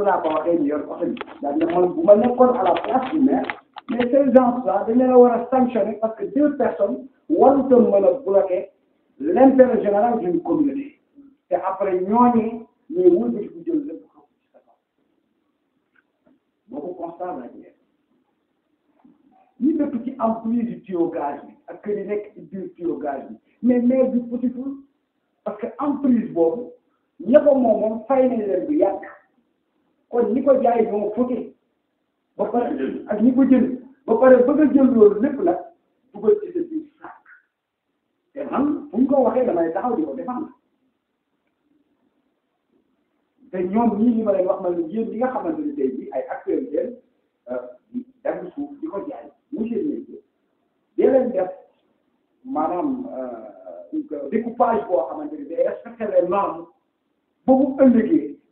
noonu laa ko waxee ñu yor oto bi daal ne man bu ma nekkoon à la place du maire mais ces gens là dañ la war a sanctionner parce que deux personnes warut a mën a bloquer l' intérêt général d'une communauté te après ñooñu ñooy ci jël lépp xam ci sa kaw boobu constat la ñu def ñu dëkk ci emprise du tuyau gaz bi ak kër yi nekk ci biir tuyau gaz bi mais maire bi petit parce que emprise boobu ña ko moomoon fay nañ leen bu yàgg kon ni ko jaay ñoo fëgee ba pare ak ni ko jënd ba pare bëgg a jël loolu lépp la dugal ci sa biir sàkk te man fu ñu ko waxee damay taxaw di ko défendre te ñoom ñii ñi ma leen wax ma ne yéen ñi nga xamante ne tey jii ay acteurs yi leen euh, dem suuf di ko jaay monsieur le maire di leen def maanaam euh, euh, découpage boo xamante ne day respecté les normes ba mu ëllëgee.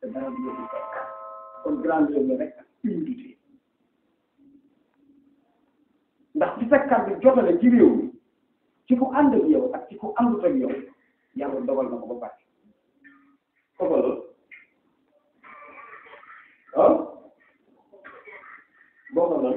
te dara du yóbbu fekk kon grandeur la rek ak ndax ci sa kàddu jotale ci réew mi ci ku ànd ak yow ak ci ku àndut ak yow yàlla dogal na ko ba pare kooku loolu ah boo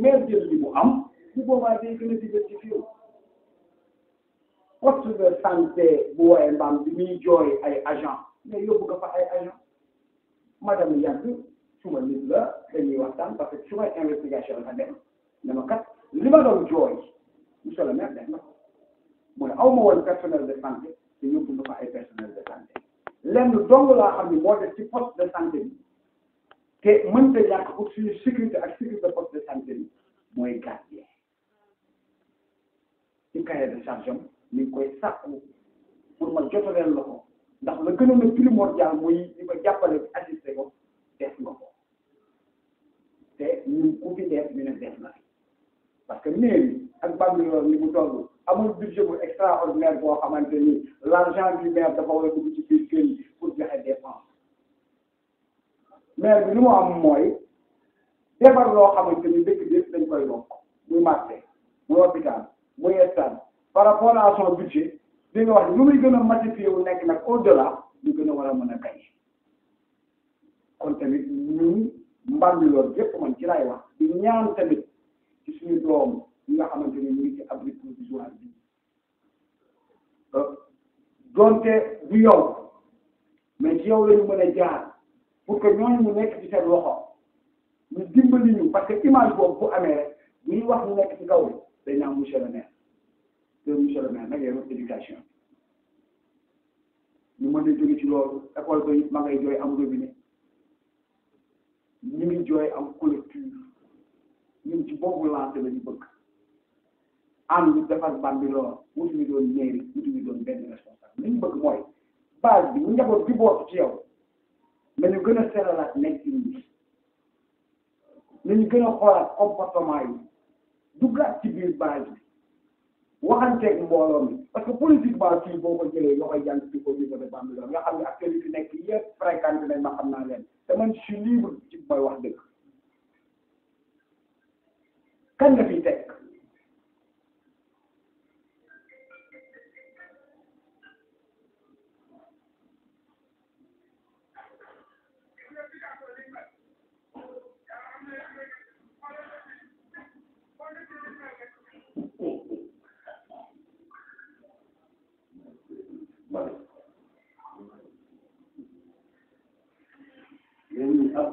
mais jël li mu am bu boobaa day gën a digal ci fiiw poste de santé bu waaye mbaam bi muy jooy ay agent mais yóbbu nga fa ay agent madame yàgg suma nit la dañuy waxtaan parce que suma investigation la dem dama kat li ma doon jooy monsieur le maire def na ko mooy aw ma woon personnel de santé te yóbbu nga fa ay personnel de santé lenn dong laa xam ni moo def ci poste de santé bi te mënta ñàkk pour suñu ak sécurité poste de santé bi mooy gardien ci cahier de charge am ñu ngi koy sàkku pour ma jotaleen la ko ndax la gënoon a primordial muy ñu ko jàppale assisté ko def nga ko te ñun ku fi def ñu ne def na parce que mairie ak Bambilor ni mu toll amul budget bu extraordinaire boo xamante ni l'argent du maire dafa war a dugg ci biir kër yi pour joxe dépense maire bi li mu am mooy. defar loo xam ni dëkk bi yëpp dañ koy yokk muy marché muy hôpital muy stade par rapport à son budget di nga wax ñu muy gën a massifié wu nekk na au de la gën a war a mën a gañe kon tamit ñun mbàndiloor ci laay wax di ñaan tamit ci suñu doom yi nga xamante ni ñu ngi ci abri provisoire bi euh, donte du yow mais ci yow lañu mën a jaar pour que ñooñu mu nekk ci seen loxo ñu dimbali ñu parce que image boobu bu amee rek ñuy wax ñu nekk ci kaw bi dañ naan monsieur le maire te monsieur le maire nag yow éducation ñu mën a jóge ci loolu école am robinet ñu ngi jooy am collectif ñun ci boobu lancé la ñu bëgg am ñu defar Bambilor wutuñu doon mairie wutuñu doon benn responsable li ñu bëgg mooy base bi ñu njaboot bi bootu ci yow nañu gën a seralaat nekk ci nañu gën a xoolaat comportement yi duggaat ci biir base bi waxanteeg mbooloo mi parce que politiquement kii boo ko jëlee yoo koy jàng ci ko ñu defee Bambilor nga xam ne acteurs yi nekk yëpp fréquenté nañ ma naa leen te man je suis libre ci mooy wax dëgg kan nga fiy teg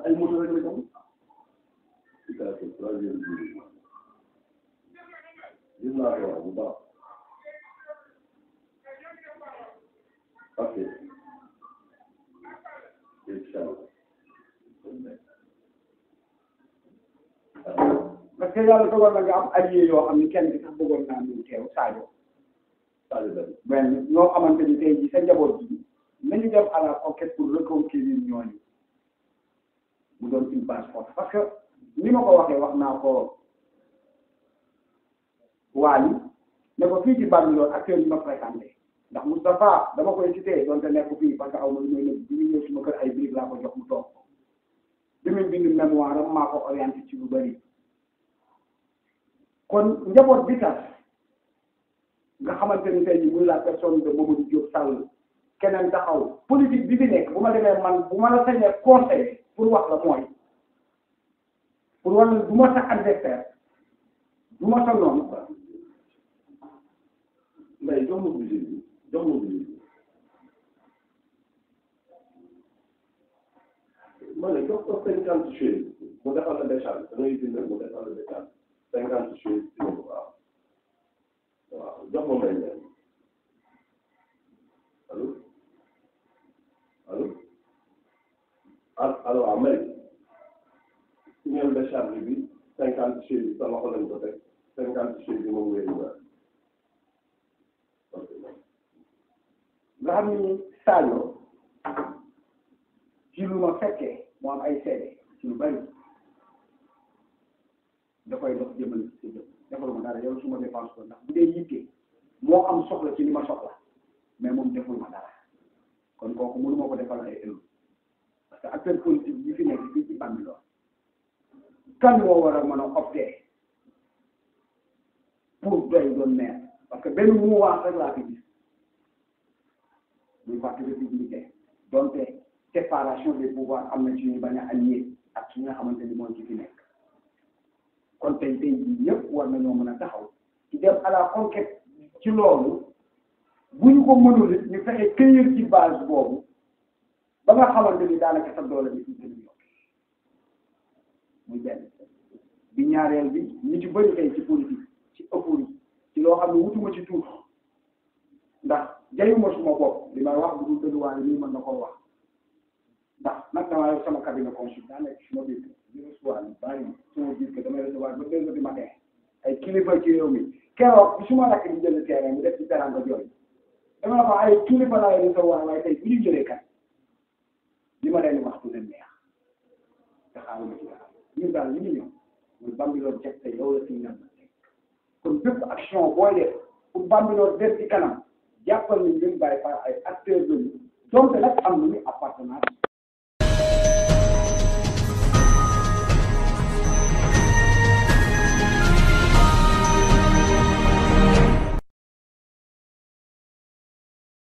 المتزوج منهم Okay. parce que yàlla na nga am allié yoo xam kenn ki sax bëggoon naa ñu teew Sadio. ñoo xamante ni tey jii sa njaboot bi nañu dem à la conquête pour reconquérir ñooñu. mu doon une base forte parce que ni ma ko waxee wax naa ko waaye ne ko fii ci Bambilor acteur yi ma fréquenté ndax Moustapha dama koy cité donte nekk fii parce que aw ma lu may nëb bi ñu ñëw suma kër ay briques laa ko jox mu toog bi muy bind mémoire am ko orienté ci lu bëri kon njaboot bi nga xamante ni tey jii muy la personne de Mamadou Diop Sall. keneen taxaw politique bi bu ma demee man bu ma la sañee conseil pour la mooy pour wala du ma sa adversaire du ma sa noonu mbay jox ma budget bi jox ma bi ma ne jox ko cinquante chaises mu defal la décharge dangay bind mu defal la décharge cinquante chaises al waaw may signal de charge bi cinquante chers bi sa loxo lañ ko teg cinquante chers bi moom wéeru ba nga xam ni Sadio ci lu ma fekkee moo am ay seede ci lu bari da koy dox jëmal ci jëm defaluma dara yow su ma dépense ko ndax bu sa akter politik di finek di ki ti pandi lor. Kan wawar waman an opte pou dwen don men, paske ben wawar fèk la pi. Mwen wakil re pi di ten. Don te separasyon de pouwar an menjeni banya anye atina an menjeni mwen di finek. Konten ten di dine, waman menyon mwen atahou. Si dem ala konket di lor, mwen yon kon menoun, mwen fèk ekrir di baz wabou, ba nga xamante ni daanaka sa bi ci gën a yokk muy benn bi ñaareel bi ñu ci bëri tey ci politique ci ëppul ci loo xam ne wutuma ci tuur ndax jayuma suma bopp li may wax bu dul dëgg waaye nii mën na koo wax ndax nag damaa yor sama cabinet consultant nekk suma biir di recevoir bàyyi suma biir que damay recevoir ba deux heures du matin ay kilifa ci réew mi keroog bi suma rakk di jënd terrain bi def ci teranga jooy dama la fa ay kilifa laay recevoir waaye tey bu ñu jëlee kat li ma leen wax du leen neex te xaaruma ci dara ñun daal li ñu ñëw mooy Bambilor jag te yow la fi ñu kon bépp action booy def pour Bambilor des ci kanam jàppal ni ñun bàyyi par ay acteurs lañu donc nag am nañu appartenance